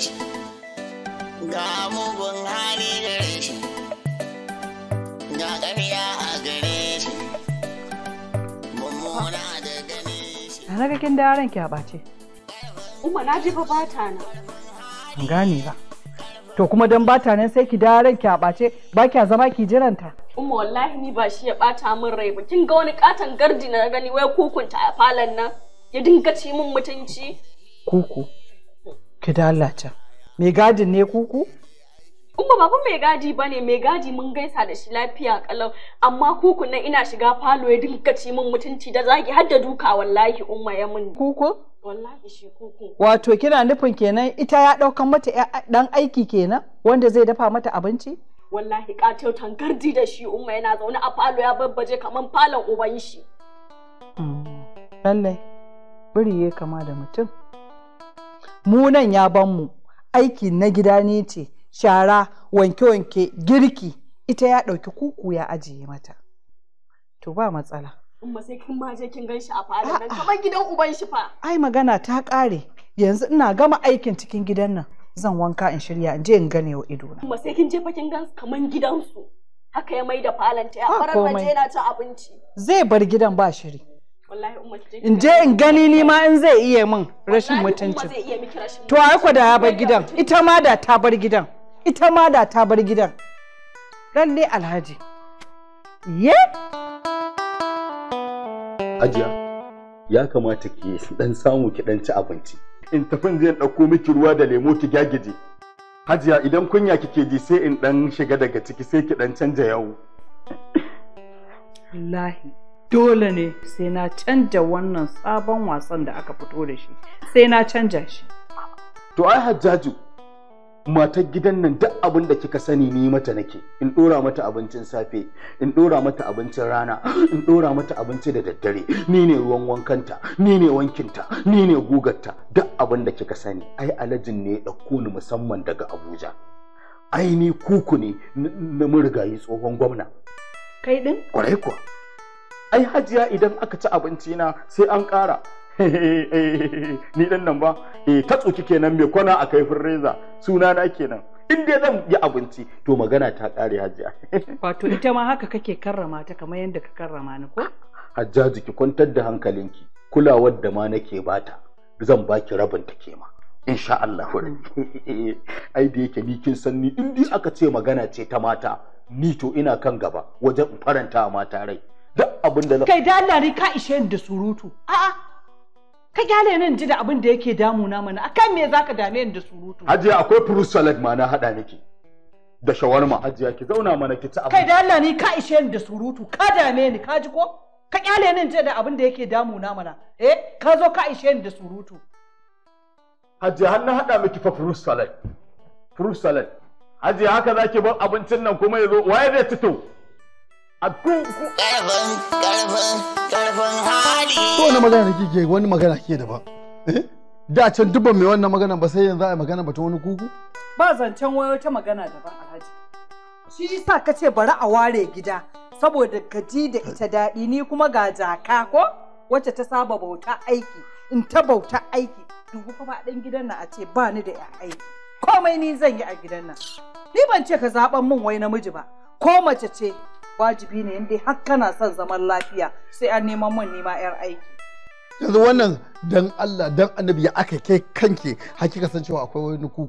shi ga mugun hali gare shi ga ƙarya a gare shi mummuna da gane shi na ga kin da yaran ki a ɓace umma na ji fa bata na An gane ba to kuma don bata nan sai ki da yaran ki a ɓace ba kya zama ki jiranta umma wallahi ni ba shi ya bata min rai ba kin ga wani katon gardi na gani wai kukunta a falon nan ya dinga ci min mutunci kuku ki dalata Me gadin ne kuku Umma baban mai gadi ba ne mai gadi mun gaisa da shi lafiya kalau amma kuku na ina shiga falo ya dinka ci min mutunci da zagi har da duka wallahi umma ya mun kuku wallahi shi kuku wato kina nufin kenan ita ya daukan mata dan aiki kenan wanda zai dafa mata abinci wallahi katau tangardi da shi umma yana zaune a falo ya babbaje kaman falon uban shi hmm. lallai buri ya kama da mutum mu nan ya ban mu aiki na gida ne ce shara wanke-wanke girki ita ya ɗauki kuku ya ajiye mata to ba matsala sai kin kin a nan gidan uban ai magana ta ƙare yanzu ina gama aikin cikin gidan nan zan wanka in shirya in je in gane wa ido na umma sai kin je fakin kin gan kaman gidansu haka ya mai da falanta ya farar na je na ci abinci zai bar gidan ba shiri in je in gani ni ma in zai iya min rashin mutuncin to ai kwa da ya bar gidan ita ma da ta bar gidan ita ma da ta bar gidan dan ne alhaji ye ajiya ya kamata ki dan samu ki dan ci abinci in tafin zai dauko miki ruwa da lemo ki gagije hajiya idan kunya kike ji sai in dan shiga daga ciki sai ki dan canja yawo wallahi dole ne sai na canja wannan sabon wasan da aka fito da shi sai na canja shi to ai hajjaju matar gidan nan duk abin da kika sani ni mata nake in dora mata abincin safe in dora mata abincin rana in dora mata abinci da daddare ni ne ruwan wankanta ni ne wankinta ni ne gugarta duk abin da kika sani ai alajin ne ya ni musamman daga abuja ai ni kuku ne na murgayi tsohon gwamna kai din kwarai kuwa ai hajiya idan aka ci abinci na sai an ƙara ni dan nan ba eh, ta tsoki kenan mai kwana a kaifin reza suna na kenan in dai zan yi abinci to magana ta ƙare hajiya wato ita ma haka kake karrama ta kamar yadda ka karrama ni ko hajjaji ki kwantar da hankalinki kulawar da ma nake bata zan baki rabin ta ke ma insha Allah ai da yake ni kin san ni in aka ce magana ce ta mata ni to ina kan gaba wajen faranta mata rai duk abin da na kai da Allah ne ka ishe ni da surutu a'a ka gyale ni ji da abin da yake damuna mana akan me zaka dame ni da surutu hajiya akwai fruit salad ma na hada niki da shawarma hajiya ki zauna mana ki ci abin kai da Allah ne ka ishe ni da surutu ka dame ni ka ji ko ka kyale ni ji da abin da yake damuna mana eh ka zo ka ishe ni da surutu hajiya har na hada miki fa fruit salad fruit salad hajiya haka zaki bar abincin nan kuma yazo waye zai fito a tuku karfin karfin karfin hali to wannan magana da kike wani magana ke daban eh? da can dubban mai wannan magana ba sai yanzu a yi magana ba ta wani kuku ba zancen wayo ta magana daban alhaji shi sa ka ce bari a ware gida saboda ka ji da ita daɗi ni kuma ga jaka ko wacce ta saba bauta aiki in ta bauta aiki dubu a ɗan gidan nan a ce ba ni da ya aiki komai ni zan yi a gidan nan ni ban ce ka zaɓan min wai namiji ba ko mace ce wajibi ne inda har kana son zaman lafiya sai an neman mun nema yar aiki yanzu wannan dan Allah dan annabi ya aka kai kanki hakika san cewa akwai wani ku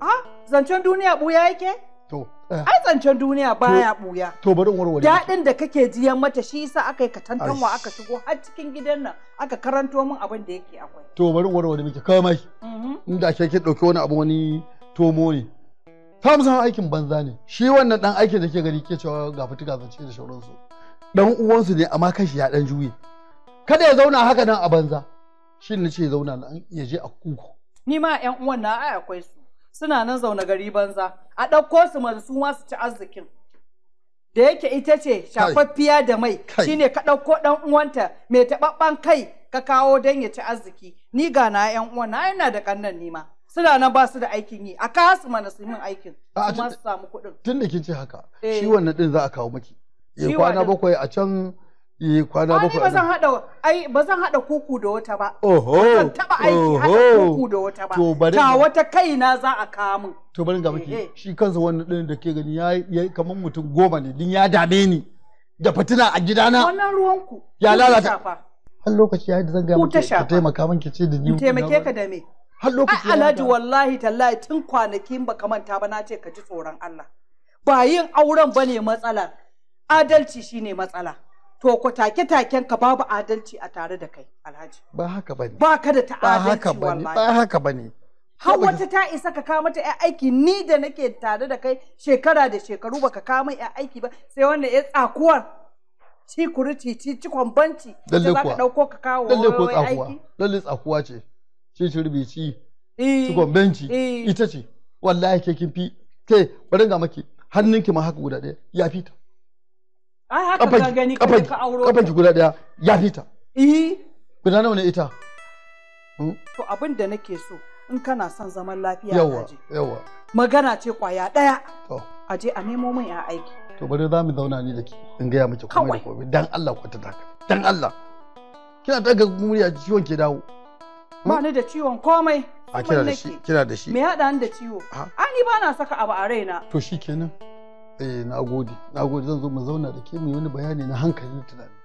a ah, zancen duniya buya yake to eh. ai zancen duniya baya buya to bari warware dadin da kake jiyan mata shi yasa aka yi katantanwa aka shigo har cikin gidan nan aka karanto min abin da yake akwai to bari warware miki kawai mai mhm. inda ake ke dauke wani abu wani tomo ne ta musamman aikin banza ne shi wannan dan aikin da ke gari ke cewa ga fituka zance da shaurinsu dan uwansu ne amma kashi ya dan juye kada ya zauna haka nan a banza shi ne ce zauna nan ya je a kuku ni ma yan uwan na ai akwai su suna nan zauna gari banza a ɗauko su ma su ma su ci arzikin da yake ita ce shafaffiya da mai shi ne ka ɗauko ɗan uwanta mai taɓaɓɓen kai ka kawo don ya ci arziki ni ga na yan uwan na yana da ƙannan ni ma suna nan ba su da aikin yi a kawo su mana su min aikin kuma su samu kuɗin tun da kin ce haka eh. shi wannan din za a kawo miki ya kwana bakwai a can ya kwana bakwai ba zan hada ai ba zan hada kuku da wata ba oho zan taba aiki hada kuku da wata ba to bari ta wata kaina za a kawo min to bari ga miki eh, eh. shi kansa wannan din da ke gani yayi kamar mutum goma ne din ya dame ni da fitina a gidana wannan ruwanku ya lalata har lokaci ya da zan ga miki taimaka min ki ce da ni taimake ka da me har lokaci alhaji wallahi tallahi tun kwanakin ba manta ba na ce ka ji tsoron Allah ba yin auren ba ne matsala adalci shine matsala to ku take taken ka babu adalci a tare da kai alhaji ba haka bane ba ka da ta adalci wallahi ba haka bane har wata ta isa ka kawo mata 'yan aiki ni da nake tare da kai shekara da shekaru baka kawo kama 'yan aiki ba sai wannan ya tsakuwar ci kuriti ci cikon banci da za ka dauko ka kawo aiki lalle tsakuwa ce shi ci eh. su gombenci eh. ita ce wallahi ke kin fi ke bari ga maki ki ma haka guda daya. ya fita ai haka ka gani ka auro kafanki guda daya. ya fita eh guda nawa ne ita hmm? to abin da nake so in kana son zaman lafiya yawa yawa magana ce kwaya daya. a je a nemo min ya aiki to bari za mu zauna ni da ki in gaya miki komai da komai dan Allah ku ta daka dan Allah kina daga murya ciwon ke dawo bani da ciwon komai a kira da shi kira da shi me haɗa ni da ciwo a ni ba na saka abu a raina to kenan. eh na gode zan zo mu zauna da ke mu yi wani bayani na hankali da tunani